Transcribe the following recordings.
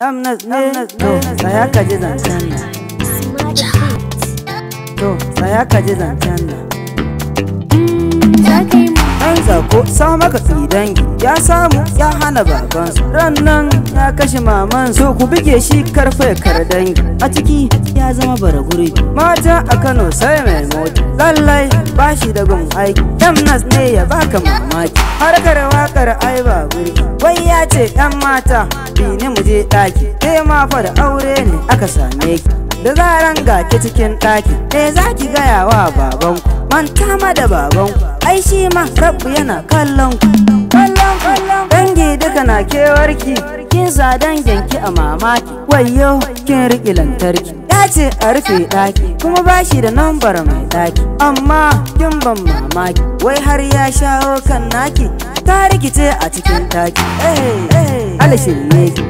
Amna ne to saya ka ji zancen nan. To saya ka ji zancen nan. zako sa maka dangi ya samu ya hana babansu rannan ya kashe maman so ku bige shi karfe dangi a ciki ya zama bara mata a kano sai mai mota lallai ba shi da gun aiki damnas ne ya baka mamaki harkar wakar ai baburi. wai ya ce yan mata bi ne mu je ɗaki ke ma fa da aure ne aka same ki da zaran ga ki cikin ɗaki eh za ki gaya wa babanku manta ma da babanku ai shi ma rabu yana kallon ku kallon ku dangi duka na kewarki kin sa dangin ki a mamaki wayo kin riƙe lantarki ya ce a rufe ɗaki kuma ba shi da nambar mai ɗaki amma kin ban mamaki wai har ya shawo kan naki ta rikice a cikin taki eh, eh. alashin ne ki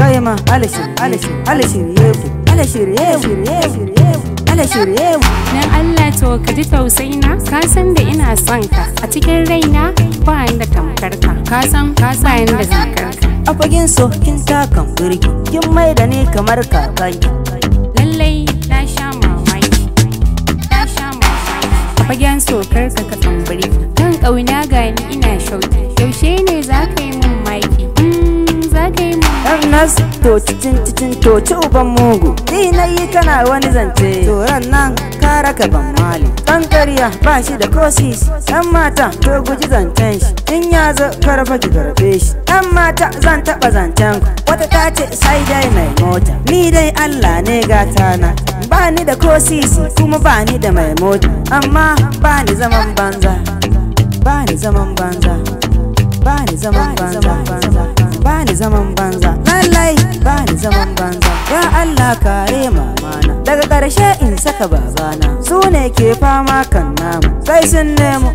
kai ma alashin alashin alashin ala alashirye ne alashirye so ka ji tausaina ka san da ina son ka a cikin raina ba da tamkar ka ka san ka san da tamkar ka a fagen so kin kan birki kin mai da ni kamar kakanki lallai na sha mamaki na sha mamaki a fagen so kar ka ka tambari kan kauna ga ni ina shauki yaushe ne za ka yi min maiki hmm, yi min Ernest to cicin cicin to ci uban mugu ni na yi kana wani zance to ran nan raka ban mali dan kariya ba shi da kosis dan mata to guji zancen shi in ya zo karfa ki garbe shi dan mata zan taba zancen ku wata ta ce sai dai mai mota ni dai Allah ne gata na ba ni da kosis kuma ba ni da mai mota amma ba ni zaman banza ba ni zaman banza ba ni zaman banza ba ni zaman banza lallai ba ni zaman banza ya Allah kare mu karshe in saka babana su ne ke fama kan namu sai sun nemo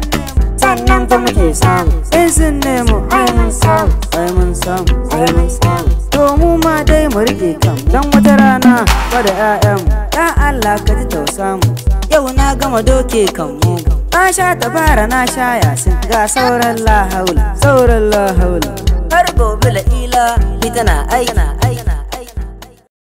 sannan fa muke samu sai sun nemo ai mun samu ai mun samu ai mun samu to mu ma dai mu rike kan dan wata rana ba da ƴaƴan ya Allah ka ji tausa mu yau na gama doke kan mu na sha tabara na sha yasin ga sauran la haula sauran la haula har gobe la ila ita na aiki